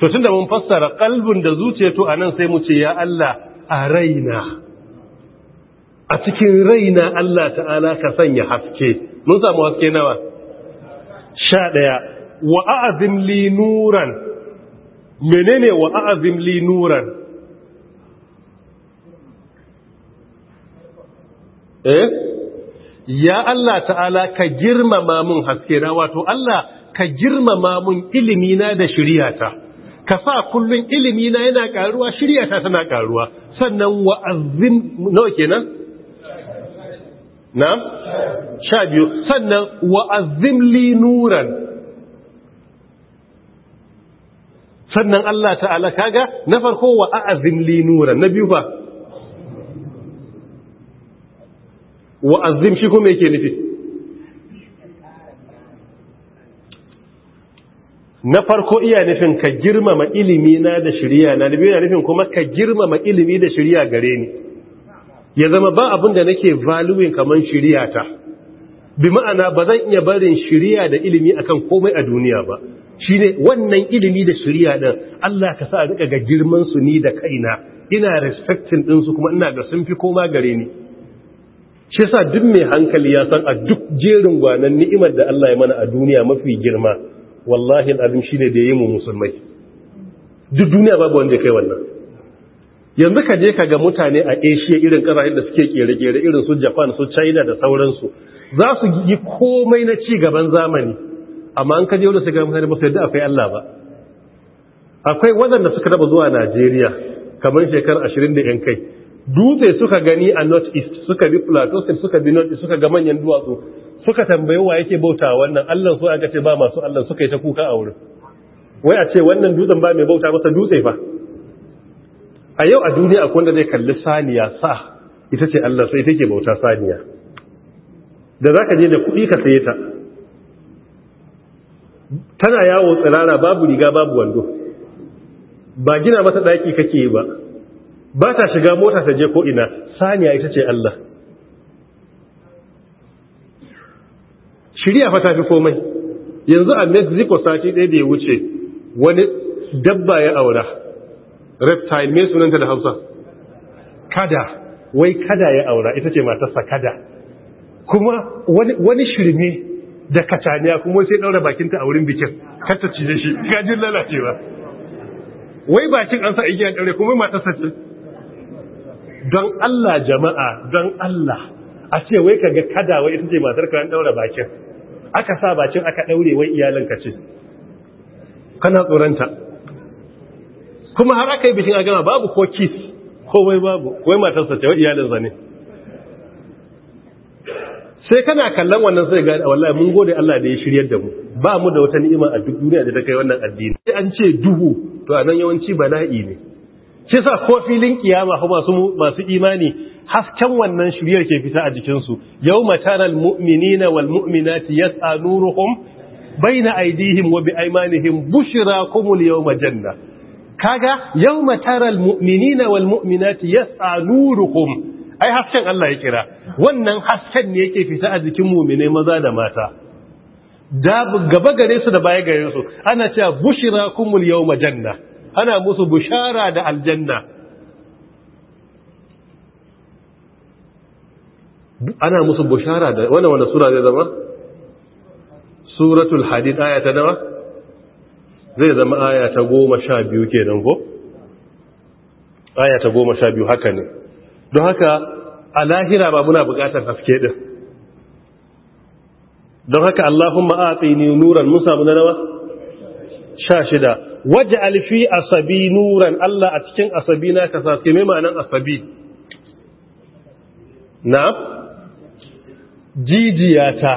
to da mun fassara kalbun da zuciya to a nan sai mu ce ya Allah a raina a cikin raina Allah ta'ala ka sanya haske mun samu haske nawa sha ɗaya wa a'azim li nuran menene wa a'azim li nuran eh ya Allah ta'ala ka girmama mun haske na wato Allah ka girmama mun ilimi na da shiriyata. ka sa kullun ilimi na yana karuwa shiriyata tana karuwa sannan wa azim no kenan na sha biyu sannan wa azim li nuran sannan Allah ta'ala kaga na farko wa a'azim li nuran na biyu fa wa azim shi kuma yake nufi na farko iya nufin ka girmama ilimi na da shirya na biyu na nufin kuma ka girmama ilimi da shirya gare ni ya zama ba abin da nake valuing kamar shirya ta bi ma'ana ba zan iya barin shirya da ilimi akan komai a duniya ba Shi ne wannan ilimi da shirya din Allah ka sa a rika ga girman su ni da kaina ina respectin ɗinsu kuma ina da sun fi koma gare ni shi sa duk mai hankali ya san a duk jerin gwanan ni'imar da Allah ya mana a duniya mafi girma wallahi shi ne da yi mu musulmai duk duniya babu wanda ya kai wannan yanzu ka je ka ga mutane a Asia irin kasashen da suke kere-kere irin su Japan su China da sauransu za su yi komai na ci gaban zamani amma an kaje wanda suka mutane ba yadda akwai Allah ba akwai wadanda suka raba zuwa Najeriya kamar shekarar 20 da 'yan kai dutse suka gani a north east suka bi plateau state suka bi north east suka ga manyan duwatsu suka tambaye wa yake bauta wannan Allah su aka ce ba masu Allah suka yi ta kuka a wurin wai a ce wannan dutsen ba mai bauta masa dutse ba a yau a duniya akwai wanda zai kalli saniya sa ita ce Allah sai take bauta saniya da zaka je da kuɗi ka saye ta tana yawo tsirara babu riga babu wando ba gina mata daki kake ba ba ta shiga mota ta je ko ina saniya ita ce Allah shirya fa fi komai yanzu a Mexico sati ɗaya da ya wuce wani dabba ya aura reptile mai sunanta da Hausa kada wai kada ya aura ita ce matarsa kada kuma wani shirme da kataniya kuma sai daura bakinta a wurin bikin kar ta cije shi gajin lalacewa wai bakin an sa igiya daure kuma mata sace don Allah jama'a don Allah a ce wai kaga kada wai ita ce matar ka an daura bakin aka sa bakin aka daure wai ka ce kana tsoranta kuma har aka yi bikin a gama babu ko kiss ko wai babu wai matar ce wai iyalin ne sai kana kallon wannan sai ga wallahi mun gode Allah da ya shiryar da mu ba mu da wata ni'ima a duk duniya da ta kai wannan addini sai an ce duhu to anan yawanci bala'i ne shi sa ko filin kiyama ko masu masu imani hasken wannan shiryar ke fita a jikin su yawma taral mu'minina wal mu'minati yas'a nuruhum baina aydihim wa bi aymanihim bushrakumul yawma janna kaga yawma taral mu'minina wal mu'minati yas'a nuruhum ai hasken Allah ya kira wannan hasken ne yake fita a jikin mumine maza da mata da gaba gare su da baya gare su ana cewa bushira kumul yawma janna ana musu bushara da aljanna ana musu bushara da wannan wannan sura zai zama suratul hadid aya ta zai zama aya ta 12 kenan ko aya ta 12 haka ne don haka a lahira ba muna buƙatar haske din don haka Allahumma atini nuran musa mu nawa shida, waje alfi asabi nuran Allah a cikin asabi na ka saske me asabi na jijiyata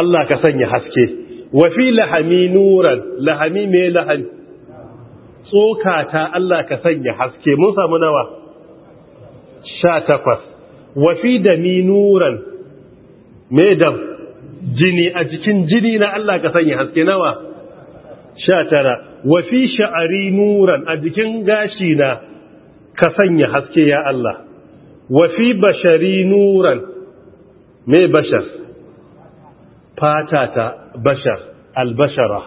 Allah ka sanya haske wafi lahami nuran lahami mai lahami tsokata Allah ka sanya haske mun samu nawa sha takwas wafi da ni nuran medam jini a jikin jini na Allah ka sanya haske nawa sha tara wafi sha'ari nuran a jikin gashi na ka sanya haske ya Allah wafi bashari nuran me bashar fata ta bashar albashara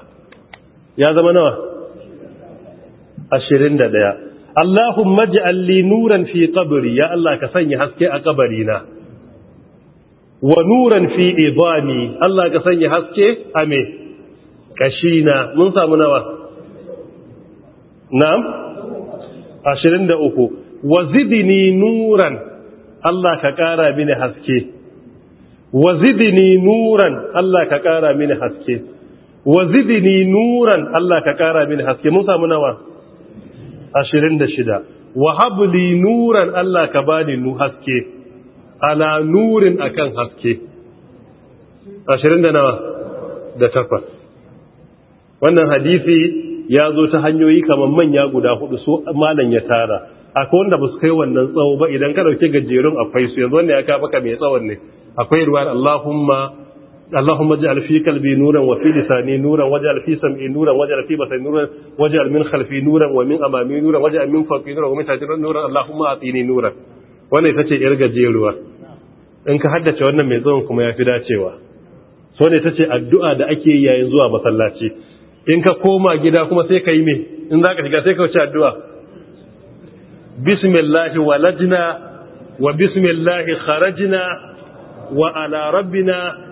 ya zama nawa ashirin da ɗaya Allahumma ij'al li nuran fi qabri ya Allah ka sanya haske a kabarina wa nuran fi idami Allah ka sanya haske a me kashina mun samu nawa na'am 23 wa zidini nuran Allah ka ƙara mini haske wa zidni nuran Allah ka kara mini haske wa zidni nuran Allah ka kara mini haske mun samu nawa ashirin da wa nuran Allah ka bani nu haske ala nurin akan haske ashirin da nawa wannan hadisi ya zo ta hanyoyi kamar manya guda hudu so malan ya tara akwai wanda ba kai wannan tsawo ba idan ka dauke gajerun akwai su yanzu wanda ya kafa ka mai tsawon ne akwai ruwan Allahumma اللهم اجعل في قلبي نورا وفي لساني نورا واجعل في سمعي نورا واجعل في بصري نورا واجعل من خلفي نورا ومن امامي نورا واجعل من فوقي نورا ومن تحتي نورا اللهم اعطيني نورا وانا ita ce yar gajeruwa in ka haddace wannan mai tsawon kuma ya fi dacewa so ne ita ce addu'a da ake yi yayin zuwa masallaci in ka koma gida kuma sai ka yi me in za shiga sai ka wuce addu'a bismillahi walajna wa bismillahi kharajna wa ala rabbina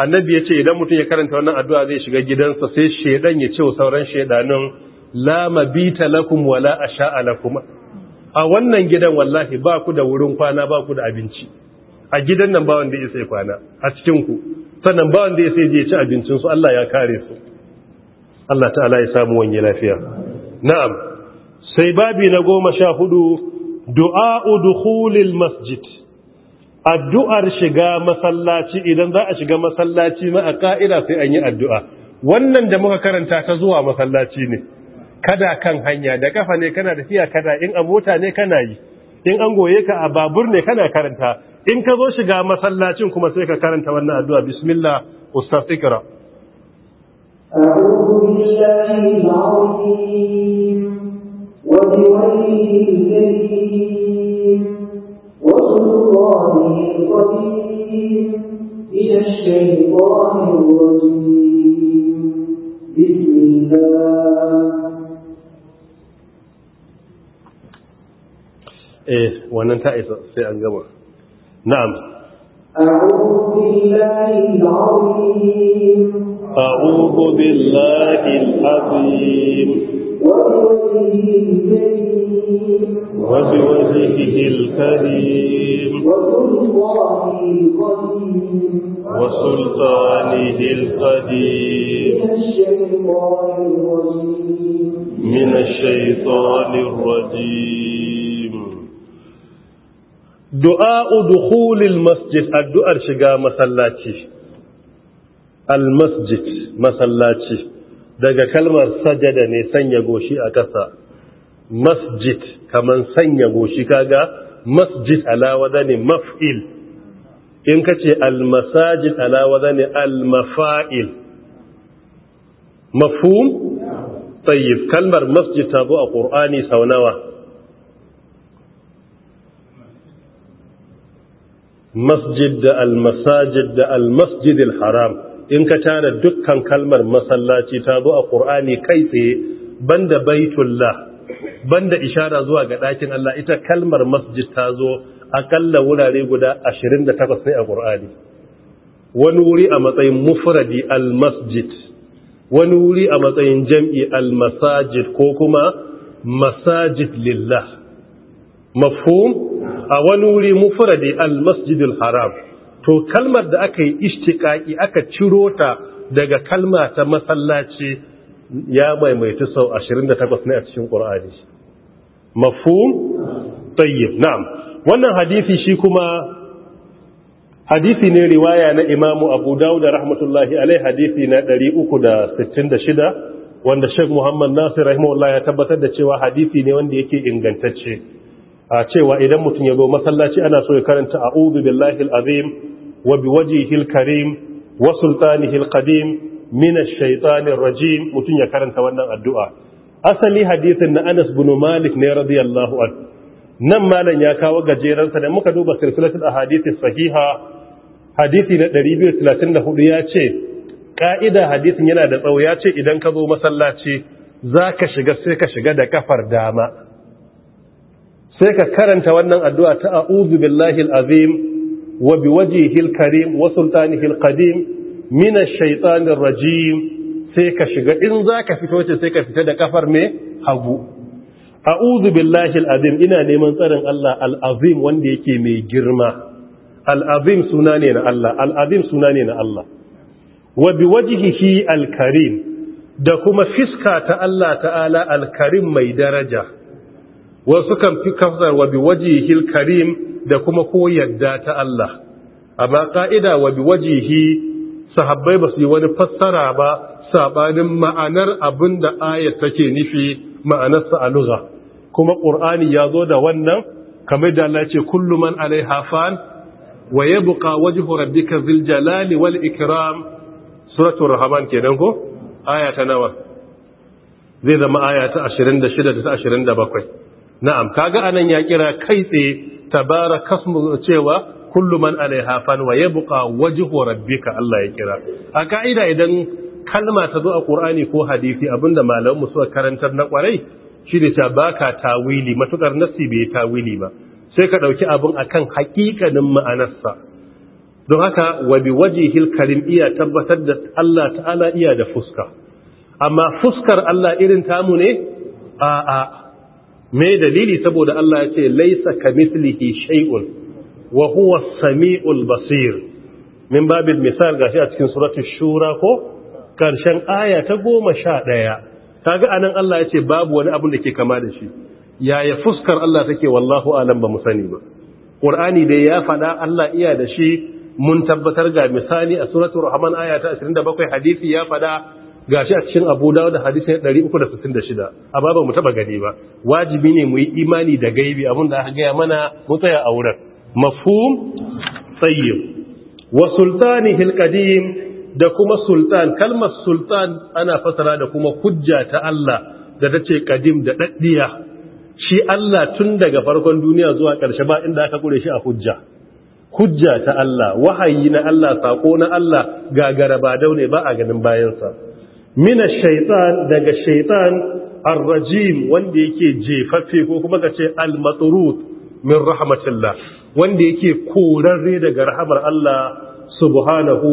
annabi ya ce idan mutum ya karanta wannan addu'a zai shiga gidansa sai shaidan ya ce wa sauran shaidanin la mabita lakum wala a sha’a lakuma a wannan gidan wallahi ba ku da wurin kwana ba ku da abinci a gidan nan ba wanda ya sai kwana a cikin sannan ba wanda ya sai je ci abincin Allah ya kare su Allah ta'ala ya samu wani lafiya na'am sai babi na goma sha hudu du'a'u dukhulil masjid addu'ar shiga masallaci idan za a shiga masallaci ma a ka'ida sai an yi addu'a wannan da muka karanta ta zuwa masallaci ne kada kan hanya da kafa ne kana tafiya kada in a mota ne kana yi in an goye ka a babur ne kana karanta in ka zo shiga masallacin kuma sai ka karanta wannan addu'a bismillah ustaz ikra وسلطانه القديم من الشيطان الرجيم بسم الله eh wannan ta isa sai an gama na'am a'udhu billahi al-azim billahi al وبوجهه الكريم وسلطانه القديم من الشيطان الرجيم دعاء دخول المسجد الدعاء شقا مسلاتي المسجد مسلاتي daga kalmar sajada ne sanya goshi a kasa, masjid kamar sanya goshi kaga masjid alawada ne maf'il in ka ce almasajid alawada ne almafa'il mafhum tayyib kalmar masjid ta zo a ƙur'ani sau nawa masjid da almasajid da almasjidil haram in ka tara dukkan kalmar masallaci ta zo a ƙur'ani kai tsaye banda baitullah banda ishara zuwa ga ɗakin Allah ita kalmar masjid ta zo aƙalla wurare guda 28 ne a ƙur'ani wani wuri a matsayin mufradi al-masjid wani wuri a matsayin jam'i al-masajid ko kuma masajid lillah mafhum a wani wuri mufradi al-masjidul haram to kalmar da aka yi ishtiƙaƙi aka ciro ta daga kalma ta masallaci ya maimaita sau 28 ne a cikin ƙur'ani Mafu, tsaye, na'am wannan hadisi shi kuma hadisi ne riwaya na imamu abu dawud rahmatullahi alai hadisi na 366 wanda shek muhammad nasir rahimahullah ya tabbatar da cewa hadisi ne wanda yake ingantacce a cewa idan mutum ya zo masallaci ana so ya karanta a'udhu billahi al-azim وبوجهه الكريم وسلطانه القديم من الشيطان الرجيم ya karanta wannan addu'a. Asali hadisin na Anas بن Malik ne radiyallahu anhu nan malam ya kawo gajeren da muka duba silsilatul ahadithis sahiha hadisi na 234 ya ce ka'ida hadisin yana da tsawo ya ce idan ka zo masallaci zaka shiga sai ka shiga da kafar dama sai ka karanta wannan addu'a ta a'udhu billahi alazim وبوجهه الكريم وسلطانه القديم من الشيطان الرجيم sai ka shiga in za ka fito ce sai ka fita da kafar mai hagu a'udhu billahi al'azim ina neman tsarin Allah al'azim wanda yake mai girma al'azim suna ne na Allah al'azim suna ne na Allah al-karim da kuma fiska ta Allah ta'ala al-karim mai daraja wasu kan fi kafsar wa bi al-karim da kuma ko yadda ta Allah amma ka'ida wa bi wajihi sahabbai ba su yi wani fassara ba sabanin ma'anar abin da ayat take nufi ma'anarsa a aluga kuma qur'ani ya zo da wannan kamar da Allah ce kullu man alaiha fan wa yabqa wajhu rabbika zil jalali wal ikram suratul rahman kenan ko aya ta nawa zai zama aya ta 26 da ta 27 na'am kaga anan ya kira kai tsaye Tabara kasmu cewa kullu man alaiha fan wa yabqa wajhu rabbika Allah ya kira a kaida idan kalma ta zo a Qur'ani ko hadisi abinda malamu suka karantar na kwarai shine ta baka tawili matukar nasi bai tawili ba sai ka ɗauki abin akan hakikanin ma'anarsa don haka wa bi wajhil karim iya tabbatar da Allah ta'ala iya da fuska amma fuskar Allah irin tamu ne a'a me dalili saboda Allah ya ce laisa kamithlihi shay'un wa huwa as-sami'ul basir min babil misal gashi a cikin surati shura ko karshen aya ta 11 kaga anan Allah ya ce babu wani abu da ke kama da shi yaya fuskar Allah take wallahu alam ba mu sani ba Qur'ani dai ya faɗa Allah iya da shi mun tabbatar ga misali a suratul rahman aya ta 27 hadisi ya faɗa gashi a cikin Abu uku da da 366 a ba mu taba gani ba wajibi ne mu yi imani da gaibi abinda aka gaya mana mu tsaya a wurin mafhum tayyib wa sultani hilkadim da kuma sultan kalmar sultan ana fasara da kuma hujja ta Allah da ta ce kadim da daddiya shi Allah tun daga farkon duniya zuwa ƙarshe ba inda aka kure shi a hujja hujja ta Allah wahayi na Allah sako na Allah gagara ba daune ba a ganin bayansa mina shaitan daga shaitan arrajim wanda yake jefaffe ko kuma ka ce almaturut min rahmatillah wanda yake korarre daga rahamar Allah subhanahu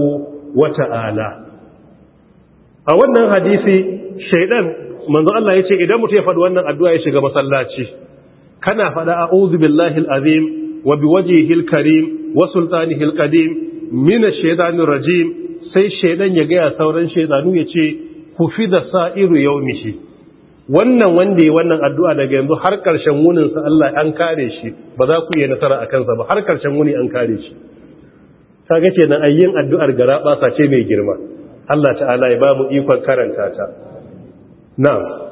wa ta'ala a wannan hadisi shaitan manzo Allah ya ce idan mutum ya faɗi wannan addu'a ya shiga masallaci kana faɗa a'udhu billahi alazim wa biwajhihi karim wa sultanihi alqadim min ash-shaytanir rajim sai shaitan ya ga sauran shaitanu yace Ku fi da sa'iru mishi wannan wanda yi wannan addu'a daga yanzu har ƙarshen wuninsa Allah an kare shi ba za ku iya nasara a kansa ba har ƙarshen wuni an kare shi ta gace na ayyin addu'ar gara ɓasa ce mai girma Allah ta'ala ya ba mu ikon karanta ta na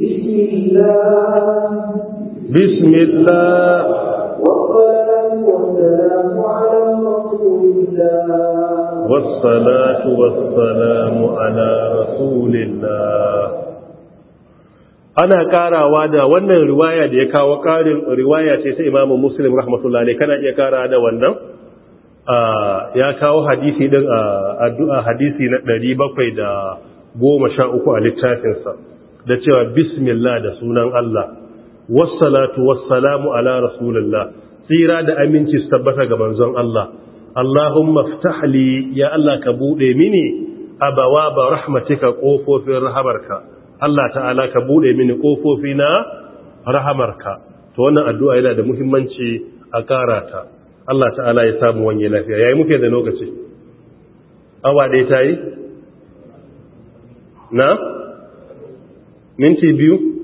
بسم الله بسم الله والصلاة والسلام على رسول الله ana karawa da wannan riwaya da ya kawo karin riwaya ce ta imamu muslim rahmatullahi ne kana iya karawa da wannan ya kawo hadisi din addu'a hadisi na 713 a littafinsa da cewa bismillah da sunan Allah wassalatu wassalamu ala rasulillah tsira da aminci su tabbata ga manzon Allah Allahumma iftah li ya Allah ka bude mini abawa ba rahmatika kofofin rahamarka Allah ta'ala ka bude mini kofofi na rahamarka to wannan addu'a yana da muhimmanci a karata Allah ta'ala ya samu wani lafiya yayi muke da lokaci awa dai tayi na minti biyu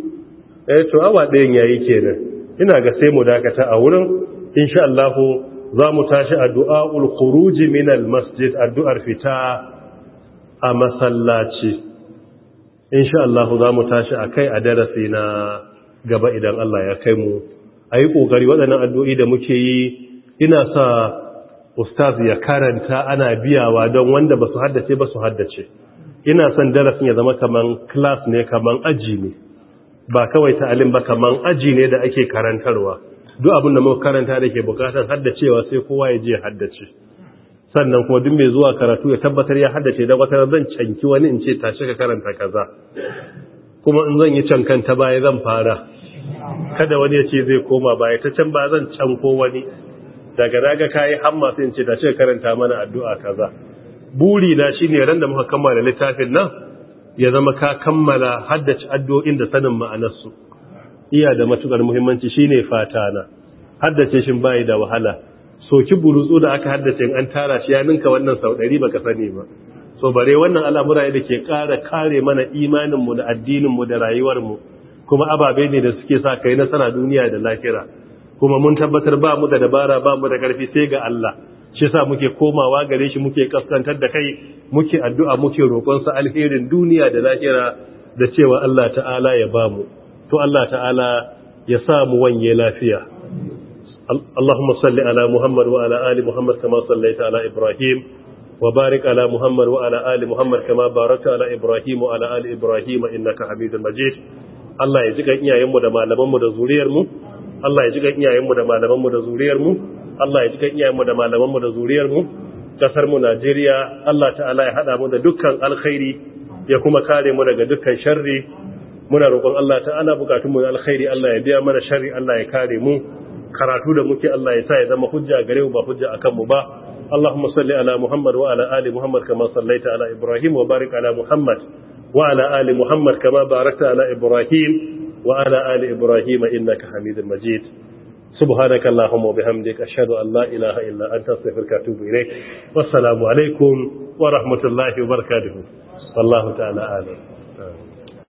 eh to awa ɗayan yayi kenan ina ga sai mu dakata a wurin insha Allah za mu tashi a ul-khuruj min al-masjid addu'ar fita a masallaci insha Allah za mu tashi akai a darasi na gaba idan Allah ya kai mu ayi kokari waɗannan addu'o'i da muke yi ina sa ustaz ya karanta ana biyawa don wanda ba su haddace ba su haddace ina son darasin ya zama kaman class ne kaman aji ne ba kawai ta'alim ba kamar aji ne da ake karantarwa duk abin da muka karanta da ke bukatar haddacewa sai kowa ya je haddace sannan kuma duk mai zuwa karatu ya tabbatar ya haddace da wata zan canki wani in ce tashi ka karanta kaza kuma in zan yi cankan ta baya zan fara kada wani ya ce zai koma baya ta can ba zan canko wani daga daga kayi hamma sai in ce tashi ka karanta mana addu'a kaza buri na shine ran da muka kammala littafin nan ya zama ka kammala haddace addu'o'in da sanin ma'anarsu iya da matukar muhimmanci shine fata na haddace shin bai da wahala soki burutsu da aka haddace an tara shi ya ninka wannan sau 100 baka sani ba so bare wannan al'amura da ke ƙara kare mana imanin mu da addinin mu da rayuwar mu kuma ababe ne da suke sa kai nasara duniya da lafira, kuma mun tabbatar ba mu da dabara ba mu da karfi sai ga Allah shi sa muke komawa gare shi muke kaskantar da kai muke addu'a muke roƙonsa alherin duniya da lahira da cewa Allah ta'ala ya ba mu to Allah ta'ala ya sa mu wanye lafiya Allahumma salli ala Muhammad wa ala ali Muhammad kama sallaita ala Ibrahim وبارك على ala وعلى آل ala كما باركت على إبراهيم وعلى آل Ibrahim إنك حميد مجيد Allah ya jiga iyayenmu da malamanmu da zuriyarmu Allah ya jiga iyayenmu da malamanmu da zuriyarmu Allah ya cikin iyayenmu da malamanmu da zuriyarmu kasarmu Najeriya Allah ta'ala ya haɗa mu da dukkan alkhairi ya kuma kare mu daga dukkan sharri muna roƙon Allah ta'ala bukatunmu na alkhairi Allah ya biya mana sharri Allah ya kare mu karatu da muke Allah ya sa ya zama hujja gare mu ba hujja akan mu ba Allahumma salli ala Muhammad wa ala ali Muhammad kama sallaita ala Ibrahim wa barik ala Muhammad wa ala ali Muhammad kama barakta ala Ibrahim wa ala ali Ibrahim innaka Hamidul Majid subhanaka allahumma wa bihamdika ashhadu an la ilaha illa anta astaghfiruka wa atubu ilayk alaikum wa rahmatullahi wa barakatuh